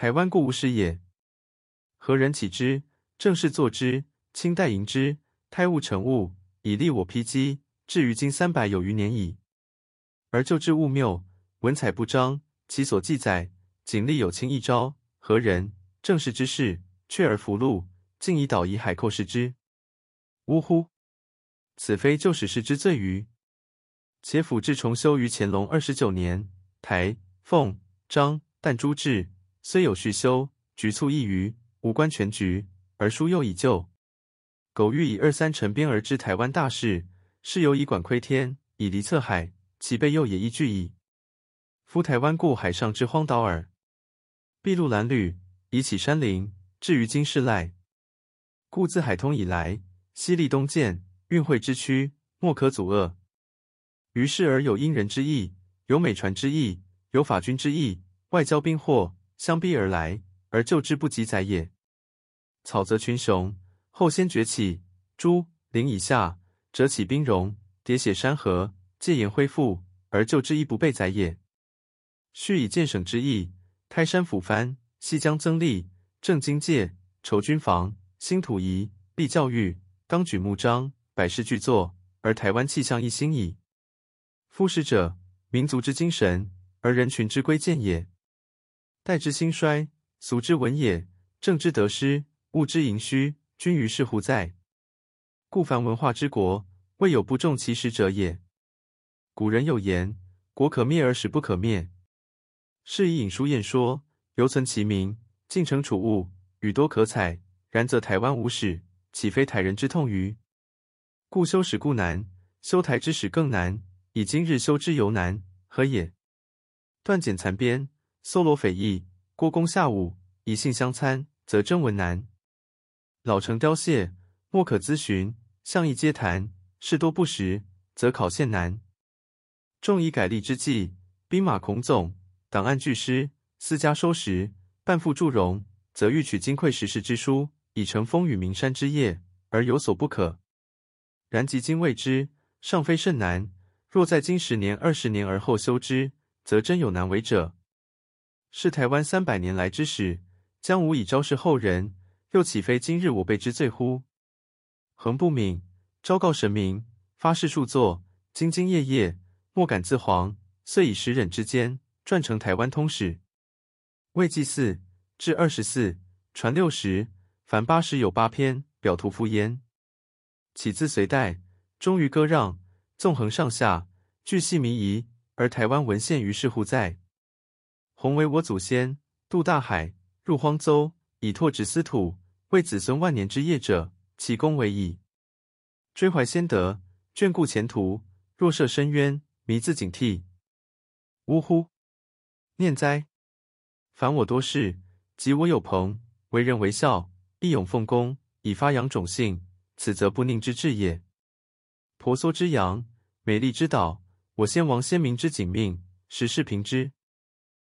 台灣固無史也，荷人啟之，鄭氏作之，清代營之，開物成務，以立我丕基，至於今三百有餘年矣。而舊志誤謬，文采不彰，其所記載，僅隸有清一朝，荷人、鄭氏之事，闕而弗錄，竟倒以島夷海寇視之。烏乎！此非舊史氏之罪歟？且府志重修於乾隆二十九年，台、鳳、彰、淡諸志，雖有續修，局促一隅，無關全局；而書又已舊。苟欲以二三陳編而知台灣大勢，是猶以管窺天，以蠡測海，其被囿也亦巨矣。夫台灣固海上之荒島耳，篳路藍縷，以啟山林；至於今是賴，顧自海通以來，西力東漸，運會之趨，莫可阻遏。於是而有英人之役，有美船之役，有法軍之役，外交兵禍。相逼而來，而舊志不及載也。草澤群雄，後先崛起，朱、林以下，輒啟兵戎，喋血山河，藉言恢復，而舊志亦不備載也。續以建省之議，開山撫番，析疆增吏，正經界，籌軍防，興土宜，勵教育，綱舉目張，百事俱作，而台灣氣象一新矣。夫史者，民族之精神，而人群之龜鑑也。代之興衰，俗之文野；政之得失，物之盈虛，均於是乎在。故凡文化之國，未有不重其史者也。古人有言：“國可滅而史不可滅。”是以郢書燕說，猶存其名，晉乘楚杌，語多可採。然則台灣無史，豈非台人之痛歟？顧修史固難，修台之史更難。以今日修之尤難，何也？斷簡殘編。蒐羅匪易，郭公夏五，疑信相參，則徵文難；老成凋謝，莫可諮詢，巷議街譚，事多不實，則考獻難。重以改隸之際，兵馬倥傯，檔案俱失，私家收拾，半付祝融，則欲取金匱石室之書，以成風雨名山之業，而有所不可。然及今為之，尚非甚難；若再經十年、二十年而後修之，則真有難為者。是臺灣三百年來之史，將無以昭示後人，又豈非今日我輩之罪乎？橫不敏，昭告神明，發誓述作，兢兢業業，莫敢自遑。遂以十稔之間，撰成《臺灣通史》，為紀四、志二十四，傳六十，凡八十有八篇，表圖附焉。起自隋代，終於割讓，縱橫上下，鉅細靡遺，而臺灣文獻於是乎在。洪惟我祖先，渡大海，入荒陬，以拓殖斯土，為子孫萬年之業者，其功偉矣。追懷先德，眷顧前途，若涉深淵，彌自儆惕。烏乎！念哉！凡我多士，及我友朋，惟仁惟孝，義勇奉公，以發揚種性，此則不佞之幟也。婆娑之洋，美麗之島，我先王先民之景命，實式憑之。